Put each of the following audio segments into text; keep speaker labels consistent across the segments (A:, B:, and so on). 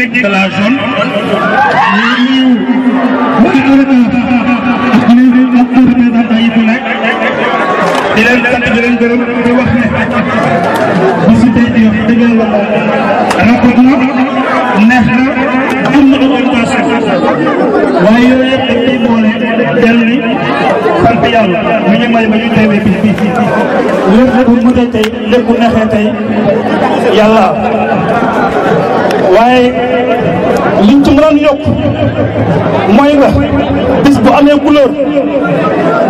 A: politique de la zone di leen sant di leen gërëm di wax ne bisu tey bi wax dëgg yàlla rafet na neex na am na orientation waaye yooyu yëpp dañ koy boole dellu sant yàlla dimbali ba ñu teewee bis bi lépp bu mutee tey lépp bu waaye liñ ci mënoon yokk mooy nga bis bu amee couleur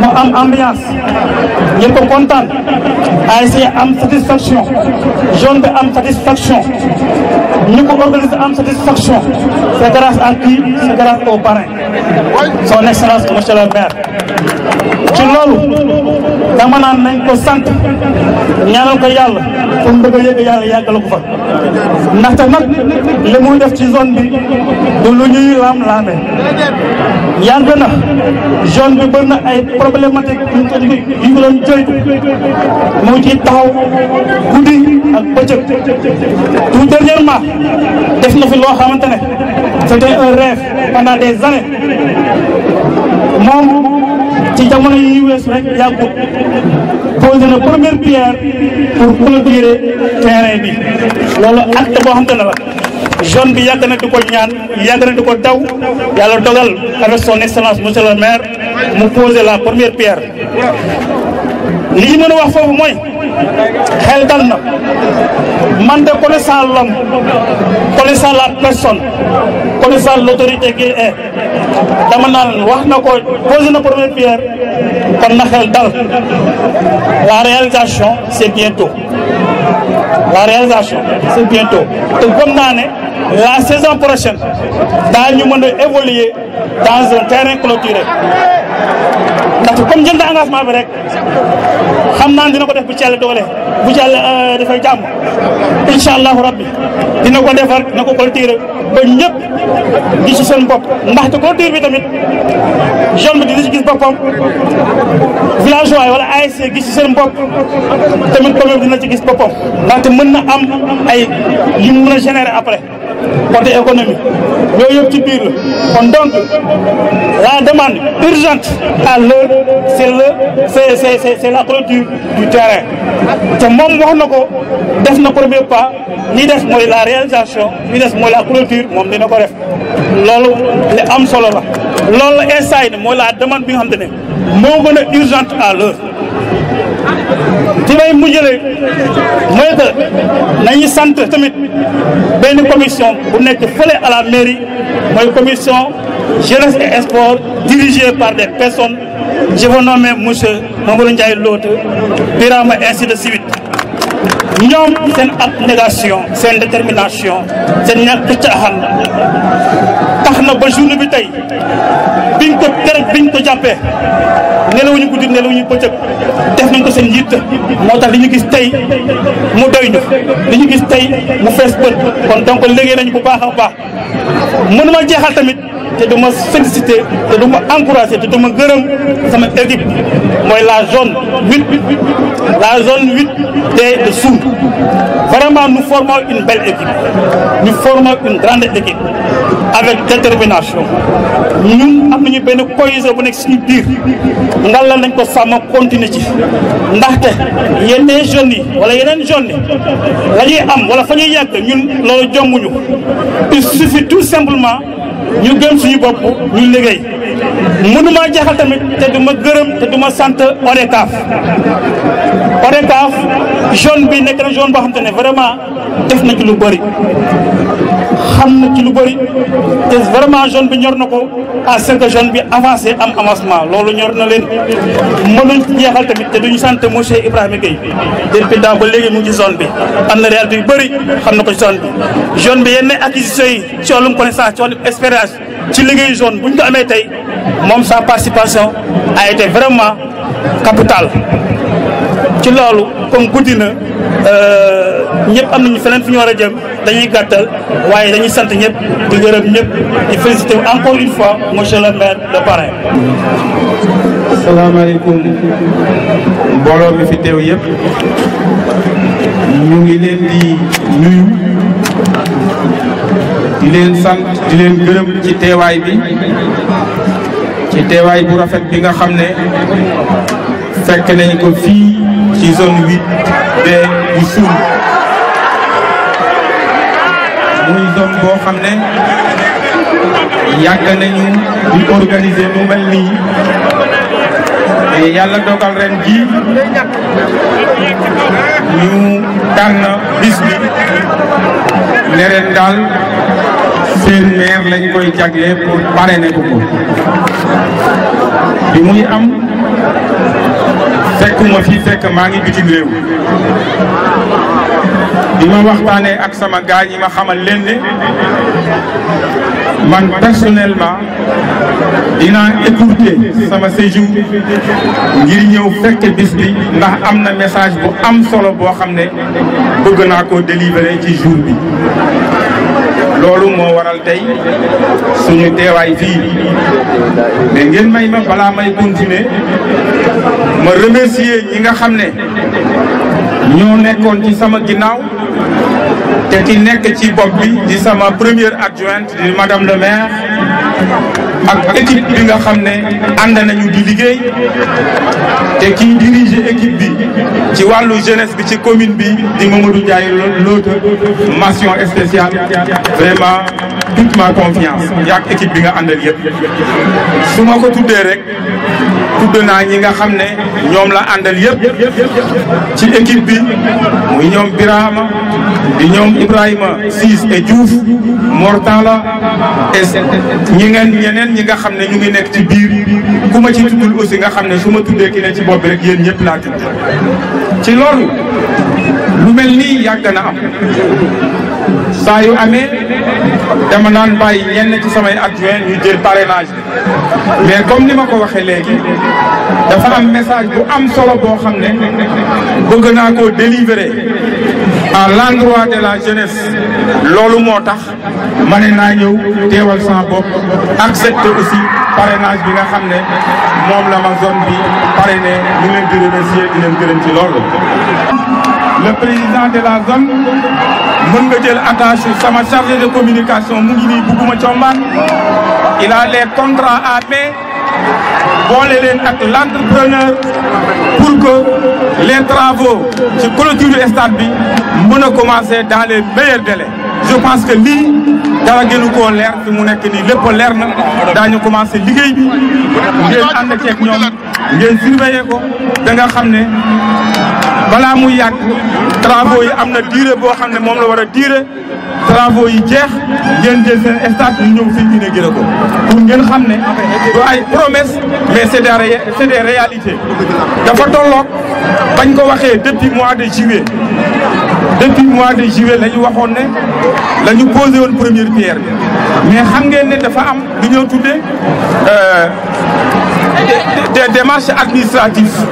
A: mu am ambiance ñëpp ko kontaan ASC am satisfaction jeune bi am satisfaction ñu ko organiser am satisfaction c'est grâce à qui c'est grâce au parrain son excellence monsieur le maire ci loolu dama naan nañ ko sant ñaanal ko yàlla fu mu bëgg a yëg yàlla ko fa ndaxte nag li muy def ci zone bi du lu ñuy laam-laame yàgg na zone bi bër na ay problématique yu ko yu ko doon jëriñ mu ngi ciy taxaw guddi ak bëccëg tout dernièrement def na fi loo xamante ne c'était un rêve pendant des années moom ci jamono yi weesu rek yàggut posé na première pierre pour clôturer terrain bi loolu acte boo xamante ne la. jeune bi yàgg na di ko ñaan yàgg na di ko daw yàlla dogal avec son excellence monsieur le maire mu poser la première pierre li ñu mën a wax foofu mooy xel dal na man de connaissant l' homme connaissant la personne connaissant l' autorité qui est dama naan wax na ko posé na première pierre kon na dal la réalisation c'est bientôt la réalisation c'est bientôt te gëm la saison prochaine daañu mën a évoluer dans un terrain clôturé ndax comme jël na engagement bi rek xam naa dina ko def bu ci Yàlla doole bu ci Yàlla euh, dafay jàmm incha allahu rabbi dina ko defar dina ko clôturer ba ñëpp di ci seen bopp ndaxte clôture bi tamit jeune bi village villageois wala ASC gis ci seen bopp tamit commune dina ci gis boppam ndaxte mën na am ay yu mu mën a générer après côté économique yooyu yëpp ci biir la kon donc la demande urgente à l'heure c'est le c'est c'est c'est la clôture du terrain te moom wax na ko def na premier pas li des mooy la réalisation li des mooy la clôture moom dina ko def loolu li am solo la loolu la instant ne mooy la demande bi nga xam te ne moo gën a urgente à l'heure ci may mujjale mooy que nañu sant tamit benn commission bu nekk fële à la mairie mooy commission jeunesse e sport dirigée par des personnes je vais nommer monsieur Mamadou Ndiaye Lote Birama ainsi de suite ñoom seen abnégation seen détermination seen ñàkk caaxaan tax na ba journée bi tey biñ ko keroog biñ ko jàppee nelawuñu guddi nelawuñu bëccëg def nañ ko seen yitt moo tax li ñu gis tey mu doy ñu li ñu gis tey mu fees bët kon donc liggéey nañu bu baax a baax mënuma jeexal tamit. te du ma félicité te du ma encouragé te du gërëm sama équipe moy la zone 8 la zone 8 de de vraiment nous formons une belle équipe nous formons une grande équipe avec détermination nous am nañu cohésion bu nekk suñu biir ngal la nañ ko sama continuer ci ndax té jeunes yi wala yeneen jeunes lañuy am wala fañuy ñuy ñun loolu jommuñu il suffit tout simplement ñu gëm suñu bopp ñu liggéey mënuma jaxal tamit te du ma gërëm te du ma sant ODCAV ODCAV jeune bi nekk na jeune bo xam vraiment def na ci lu bari xam na ci lu bari te vraiment jeune bi ñor na ko à ce que jeune bi avancé am avancement loolu ñor na leen mënuñ ci jeexal tamit te duñu sant monsieur Ibrahima Gueye depuis daaw ba léegi mu ngi ci zone bi am na réalité yu bari xam na ko ci zone bi jeune bi yenn acquisition yi ci wàllum connaissance ci wàllum expérience ci liggéeyu zone buñ ko amee tey mom sa participation a été vraiment capital ci lolu comme guddi euh ñepp am nañu fenen fu ñu wara a jëm dañuy gattal waye dañuy sant ñepp di gërëm ñepp di féliciter encore une fois
B: monsieur le maire de parrain assalamualaikum mbooloo mi fi tew yépp ñu ngi leen di nuyu di leen sant di leen gërëm ci téway bi ci teewaay bu rafet bi nga xam ne fekk nañ ko fii ci zone huit B bu Suun muy zone boo xam ne yàgg nañu di organiser mu mel nii yàlla dogal ren ji ñu tànn bis bi ne daal seen maire lañ koy jagle pour parrainer ko ko bi muy am fekkuma fi fekk maa ngi bitim réew bi ma waxtaanee ak sama gaa ñi ma xamal leen ne man personnellement dinaa écourter sama séjour ngir ñëw fekk bis bi ndax am na message bu am solo boo xam ne bëgg naa ko délivrer ci jour bi lolu mo waral tay suñu téway fi mais ngeen may ma bala may continuer ma remercier ñi nga xamné ño nekkon ci sama ginnaw té ki nekk ci bop bi di sama première adjointe di madame le maire ak équipe bi nga xam ne ànd nañu di liggéey te kii dirige équipe bi ci wàllu jeunesse bi ci commune bi di Mamadou Ndiaye Lota mention spéciale vraiment toute ma confiance yaag équipe bi nga àndal yëpp su ma ko tuddee rek tudd naa ñi nga xam ne ñoom la àndal yëpp ci équipe bi muy ñoom Birama di ñoom Ibrahima Ciss et Diouf Mortala et ñi ngeen ñeneen ñi nga xam ne ñu ngi nekk ci biir ku ma ci tuddul aussi nga xam ne su ma tuddee ki ne ci bopp bi rek yéen ñëpp laa tudd ci loolu lu mel nii yàgg na am saa yu amee dama naan bàyyi ñenn ci samay adjoint ñu jël parrainage bi mais comme ni ma ko waxee léegi dafa am message bu am solo boo xam ne bëgg naa ko délivrer à l'endroit de la jeunesse loolu moo tax ma ne naa ñëw teewal sama bopp accepté aussi parrainage bi nga xam ne moom la ma zone bi parrainé ñu leen di remercier di leen gërëm ci loolu le président de la zone mën nga jël attaché m'a chargé de communication mu ngi il a les contrats à paix pour les ak l'entrepreneur, pour que les travaux de clôture stade bi mën commencer dans les meilleurs délais je pense que lui, dans la guerre, nous avons mu il a commencé à na nous commencer liggéey bi nous ngeen surveiller ko da nga xam ne balaa muy yàgg travaux yi am na durée boo xam ne moom la war a durée travaux yi jeex ngeen jël seen stade ñu ñëw fii inauguré ko pour ngeen xam ne du ay promesse mais c'est des c'est des réalités dafa tolloog bañ ko waxee depuis mois de juillet depuis mois de juillet la ñu waxoon ne la ñu posé woon première pierre bi mais xam ngeen ne dafa am lu ñoo tuddee des démarches administratives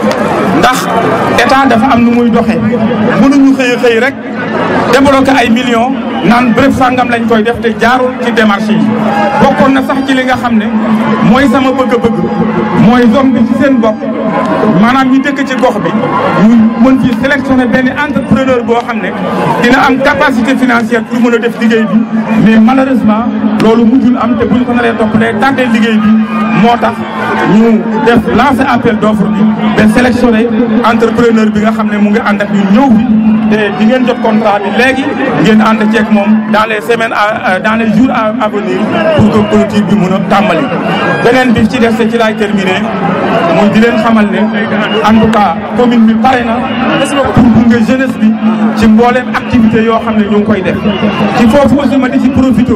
B: ndax état dafa am nu muy doxee ñu xëy xëy rek débloqué ay millions naan béréb sàngam lañ koy def te jaarul ci démarche yi bokkoon na sax ci li nga xam ne mooy sama bëgg-bëgg mooy zone bi ci seen bopp manam ñu dëkk ci gox bi ñu entrepreneur capacité financière pour mën def mais malheureusement nous avons am te buñ ko bi appel d'offre bi ba sélectionné entrepreneur bi nga xam mu ngi ànd ak contrat bi léegi dans les semaines euh, dans les jours à venir pour que politique bi mën terminé mooy di leen xamal ne en tout cas commune bi pare na pour gunge jeunesse bi ci mbooleem activité yoo xam ne ñu ngi koy def ci foofu aussi ma di ci profité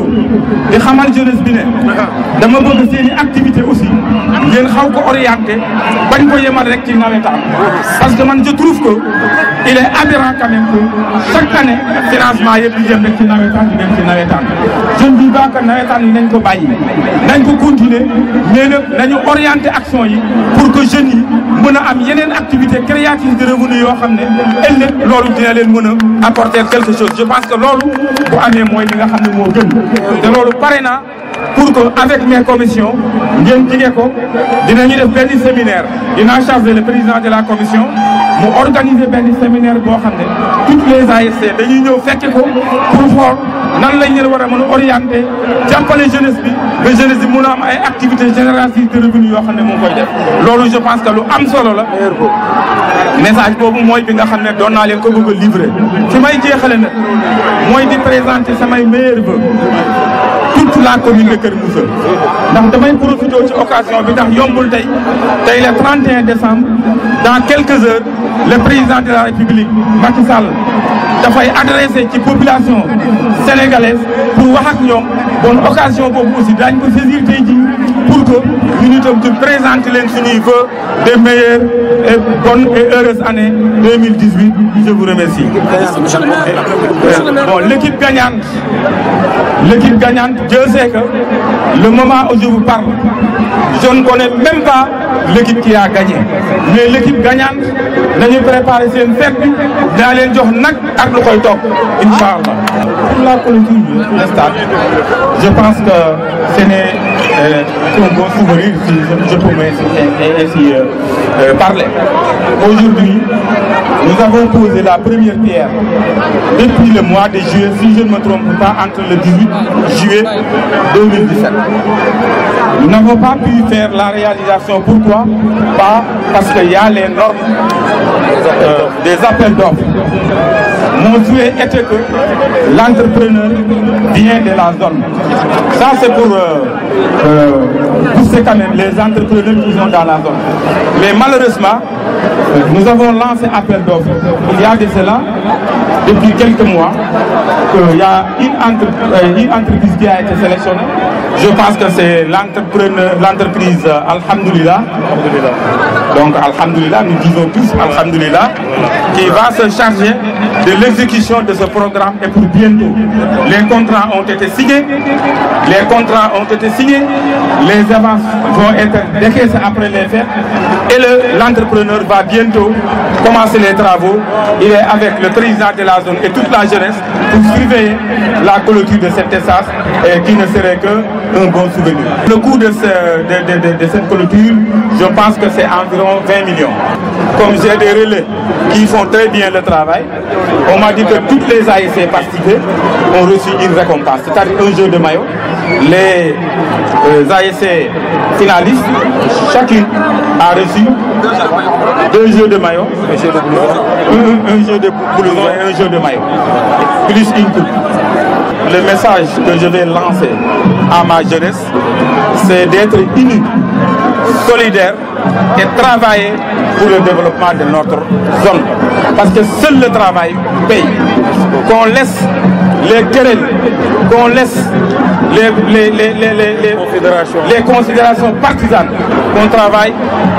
B: di xamal jeunesse bi ne dama bëgg seen i activité aussi ngeen xaw ko orienté bañ ko yemal rek ci nawetaan parce que man je trouve que il est aberrant quand même que chaque année financement yëpp di jëm rek ci nawetaan di dem ci nawetaan je ne dis pas nawetaan yi nañ ko bàyyi nañ ko continuer mais nag nañu orienté action yi pour que jeunes yi am activité créative de revenu yoo xam et ëllëg loolu dina nous apporter quelque chose je pense que loolu bu amé moy li nga xamné mo gën te loolu pour que avec mes commissions ngeen jige ko dinañu def benn séminaire dina chargé le président de la commission mu organiser des séminaire pour xamné tout les ASC dañuy ñëw fekke ko pour xool nan lañ leen war a mën a orienté jàppale bi ba jeunesse bi mun a am ay activités génératrices de revenus yoo xam ne mu ngi koy def loolu je pense que lu am solo la message boobu mooy bi nga xam ne doon naa leen ko bëgg a livré fi may jeexale nag mooy di présenter samay meilleurs vœux la commune de Kër Moussa ndax damay profité de occasion bi ndax yombul tey le 31 décembre dans quelques heures le président de la République Macky Sall faut adresser la population sénégalaise pour wax ak bonne une occasion pour vous. C'est ko saisir de ji pour que l'Union Européenne présente présenter leen des meilleures et bonnes et heureuses années 2018 je vous remercie. bon l'équipe gagnante l'équipe gagnante Dieu sait que. Le moment où je vous parle, je ne connais même pas l'équipe qui a gagné. Mais l'équipe gagnante, nous préparé une fête, nous allons faire un acte de top. Pour la politique je pense que ce n'est je, Aujourd'hui, nous avons posé la première pierre depuis le mois de juillet, si je ne me trompe pas, entre le 18 juillet 2017. Nous n'avons pas pu faire la réalisation. Pourquoi Pas parce qu'il y a les normes euh, des appels d'offres. Mon souhait était que l'entrepreneur vient de la zone. Ça, c'est pour euh, euh, pousser quand même les entrepreneurs qui sont dans la zone. Mais malheureusement, nous avons lancé appel d'offres. Il y a de cela, depuis quelques mois, euh, Il y a une, entreprise qui a été sélectionnée je pense que c'est l'entreprise Alhamdulillah. Donc Alhamdulillah, nous disons tous Alhamdulillah. Il va se charger de l'exécution de ce programme et pour bientôt. Les contrats ont été signés, les contrats ont été signés, les avances vont être décaissées après les fêtes et l'entrepreneur va bientôt commencer les travaux. Il est avec le président de la zone et toute la jeunesse pour suivre la clôture de cet essence et qui ne serait qu'un bon souvenir. Le coût de, cette clôture, je pense que c'est environ 20 millions comme j'ai des relais qui font très bien le travail, on m'a dit que toutes les ASC participées ont reçu une récompense, c'est-à-dire un jeu de maillot. Les euh, ASC finalistes, chacune a reçu deux jeux de maillot, un, un, jeu de boulot et un jeu de maillot, plus une coupe. Le message que je vais lancer à ma jeunesse, c'est d'être unis solidaire et travailler pour le développement de notre zone. Parce que seul le travail paye. Qu'on laisse les querelles, qu'on laisse les, les, les, les, les considérations partisanes, qu'on travaille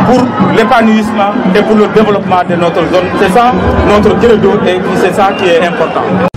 B: pour l'épanouissement et pour le développement de notre zone. C'est ça notre credo et c'est ça qui est important.